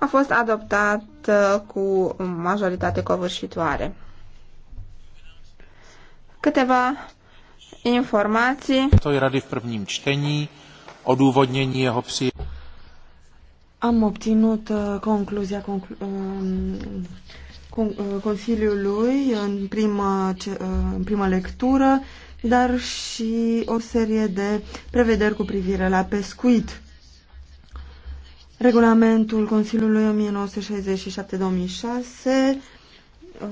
a fost adoptat uh, cu majoritate covârșitoare. Câteva informații. To je rady v prvním čtení, odůvodnění jeho psi. Am obținut uh, concluzia um, uh, Consiliului în prima, în prima lectură, dar și o serie de prevederi cu privire la pescuit. Regulamentul Consiliului 1967-2006, um,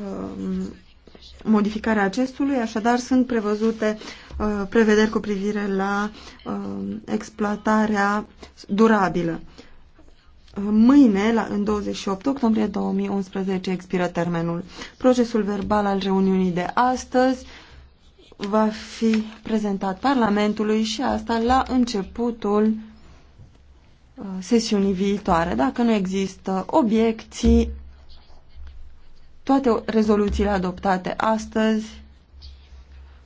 modificarea acestului, așadar sunt prevăzute uh, prevederi cu privire la um, exploatarea durabilă. Uh, mâine, la, în 28 octombrie 2011, expiră termenul. Procesul verbal al reuniunii de astăzi va fi prezentat Parlamentului și asta la începutul Uh, sesiunii viitoare. Dacă nu există obiecții, toate rezoluțiile adoptate astăzi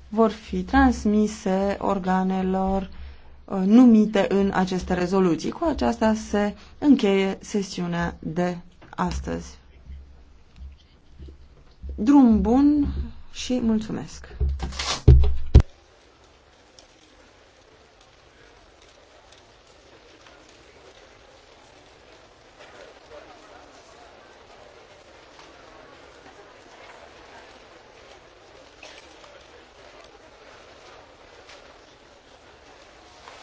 vor fi transmise organelor uh, numite în aceste rezoluții. Cu aceasta se încheie sesiunea de astăzi. Drum bun și mulțumesc!